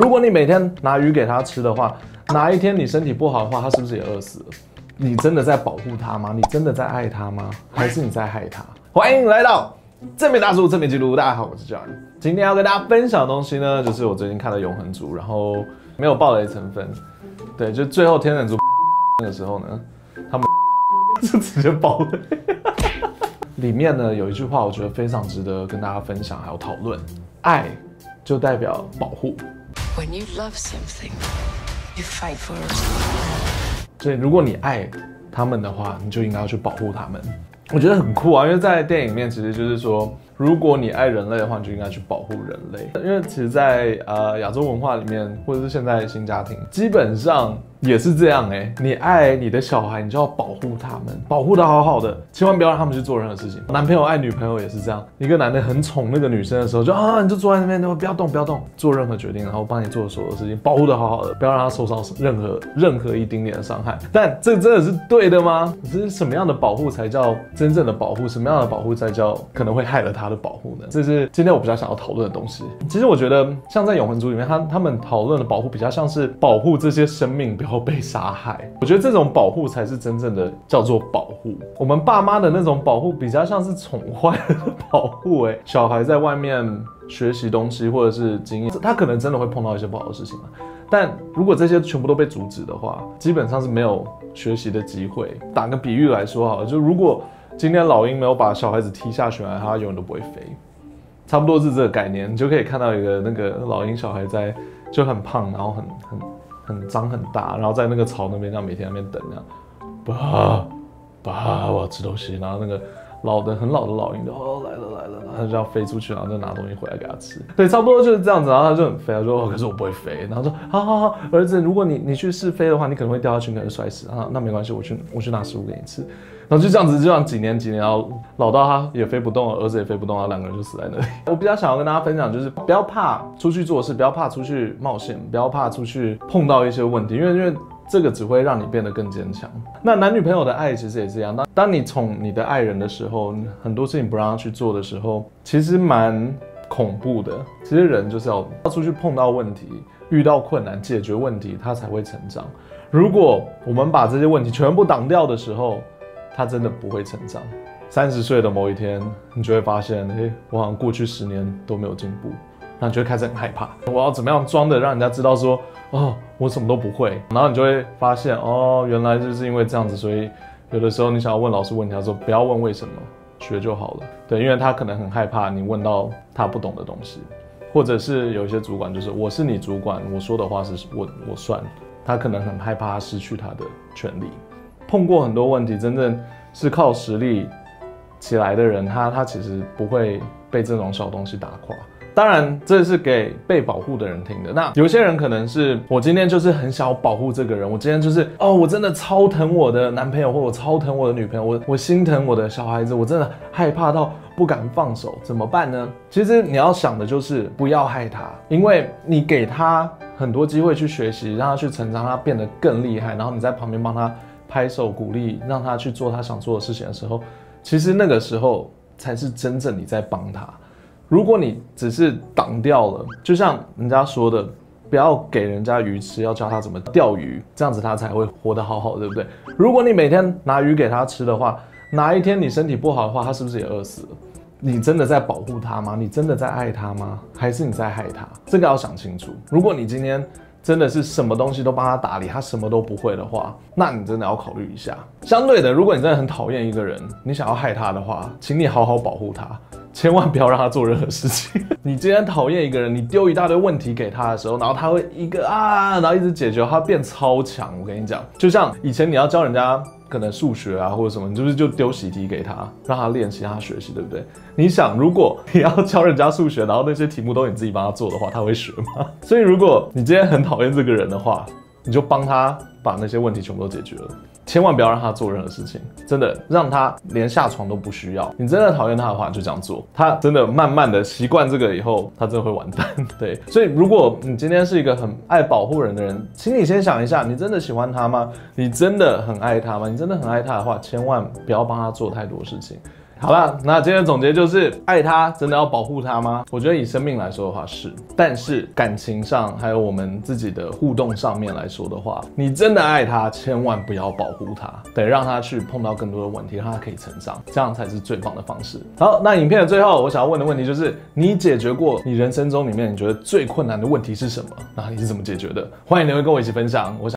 如果你每天拿魚給他吃的話，哪一天你身體不好的話，他是不是也餓死了？你真的在保護他嗎？你真的在愛他嗎？還是你在害他？歡迎來到正面大叔正面記錄。大家好，我是 Jon。今天要跟大家分享的東西呢，就是我最近看的《永恆族》，然後沒有暴雷成分。對，就最後天神族那個時候呢，他們是直接爆雷。 裡面呢有一句話，我覺得非常值得跟大家分享，還有討論。愛就代表保護。When you love something, you fight for it. 所以如果你愛他們的話，你就應該要去保護他們。我覺得很酷啊，因為在電影裡面其實就是說。如果你愛人類的話，你就應該去保護人類，因為其實在，在呃亞洲文化裡面，或者是現在新家庭，基本上也是這樣哎、欸，你愛你的小孩，你就要保護他們，保護的好好的，千萬不要讓他們去做任何事情。男朋友愛女朋友也是這樣，一個男的很寵那個女生的時候就，就啊你就坐在那邊，就不要動不要動，做任何決定，然後幫你做所有的事情，保護的好好的，不要讓他受傷任何任何一丁點的傷害。但這真的是對的嗎？這是什麼樣的保護才叫真正的保護？什麼樣的保護才叫可能會害了他？的保護呢，這是今天我比較想要討論的東西。其實我覺得，像在《永恆族》裡面，他他們討論的保護比較像是保護這些生命不要被殺害。我覺得這種保護才是真正的叫做保護。我們爸媽的那種保護比較像是寵壞的保護。誒，小孩在外面學習東西或者是經驗，他可能真的會碰到一些不好的事情嘛。但如果這些全部都被阻止的話，基本上是沒有學習的機會。打個比喻來說哈，就如果。今天老鷹沒有把小孩子踢下懸崖，它永遠都不會飛。差不多是這個概念，你就可以看到一個那個老鷹小孩在就很胖，然後很很很髒很大，然後在那個草那邊這樣每天那邊等，這樣，爸，爸我要吃東西。然後那個老的很老的老鷹就哦來了來了，然後他就要飛出去，然後就拿東西回來給他吃。對，差不多就是這樣子，然後他就很肥，他說哦可是我不會飛。然後說好好好，兒子，如果你你去試飛的話，你可能會掉下去，可能摔死啊。那沒關係，我去我去拿食物給你吃。然後就這樣子，這樣幾年幾年，然後老到他也飛不動了，兒子也飛不動了，然後兩個人就死在那裡。我比較想要跟大家分享，就是不要怕出去做事，不要怕出去冒險，不要怕出去碰到一些問題，因為因為這個只會讓你變得更堅強。那男女朋友的愛其實也是一樣，當當你寵你的愛人的時候，很多事情不讓他去做的時候，其實蠻恐怖的。其實人就是要出去碰到問題，遇到困難，解決問題，他才會成長。如果我們把這些問題全部擋掉的時候，他真的不會成長。三十歲的某一天，你就會發現，誒、欸，我好像過去十年都沒有進步，那你就會開始很害怕。我要怎麼樣裝的，讓人家知道說，哦，我什麼都不會。然後你就會發現，哦，原來就是因為這樣子，所以有的時候你想要問老師問題，他說不要問為什麼，學就好了。對，因為他可能很害怕你問到他不懂的東西，或者是有一些主管就是我是你主管，我說的話是我我算了，他可能很害怕失去他的權利。碰過很多問題，真正是靠實力起來的人，他他其實不會被這種小東西打垮。當然，這是給被保護的人聽的。那有些人可能是我今天就是很想保護這個人，我今天就是哦，我真的超疼我的男朋友，或我超疼我的女朋友，我我心疼我的小孩子，我真的害怕到不敢放手，怎麼辦呢？其實你要想的就是不要害他，因為你給他很多機會去學習，讓他去成長，他變得更厲害，然後你在旁邊幫他。拍手鼓勵，讓他去做他想做的事情的時候，其實那個時候才是真正你在幫他。如果你只是擋掉了，就像人家說的，不要給人家魚吃，要教他怎麼釣魚，這樣子他才會活得好好，對不對？如果你每天拿魚給他吃的話，哪一天你身體不好的話，他是不是也餓死了？你真的在保護他嗎？你真的在愛他嗎？還是你在害他？這個要想清楚。如果你今天，真的是什麼東西都幫他打理，他什麼都不會的話，那你真的要考慮一下。相對的，如果你真的很討厭一個人，你想要害他的話，請你好好保護他，千萬不要讓他做任何事情。 你既然討厭一個人，你丟一大堆問題給他的時候，然後他會一個啊，然後一直解決，他變超強。我跟你講，就像以前你要教人家。可能數學啊或者什麼，你就是就丟習題給他，讓他練習，讓他學習，對不對？你想，如果你要教人家數學，然後那些題目都你自己幫他做的話，他會學嗎？所以，如果你今天很討厭這個人的話。你就幫他把那些問題全部都解決了，千萬不要讓他做任何事情，真的讓他連下床都不需要。你真的討厭他的話，你就這樣做，他真的慢慢的習慣這個以後，他真的會完蛋。對，所以如果你今天是一個很愛保護人的人，請你先想一下，你真的喜歡他嗎？你真的很愛他嗎？你真的很愛他的話，千萬不要幫他做太多事情。好了，那今天的總結就是，愛他真的要保護他嗎？我覺得以生命來說的話是，但是感情上還有我們自己的互動上面來說的話，你真的愛他，千萬不要保護他，得讓他去碰到更多的問題，讓他可以成長，這樣才是最棒的方式。好，那影片的最後，我想要問的問題就是，你解決過你人生中裡面你覺得最困難的問題是什麼？那你是怎麼解決的？歡迎留言跟我一起分享。我想。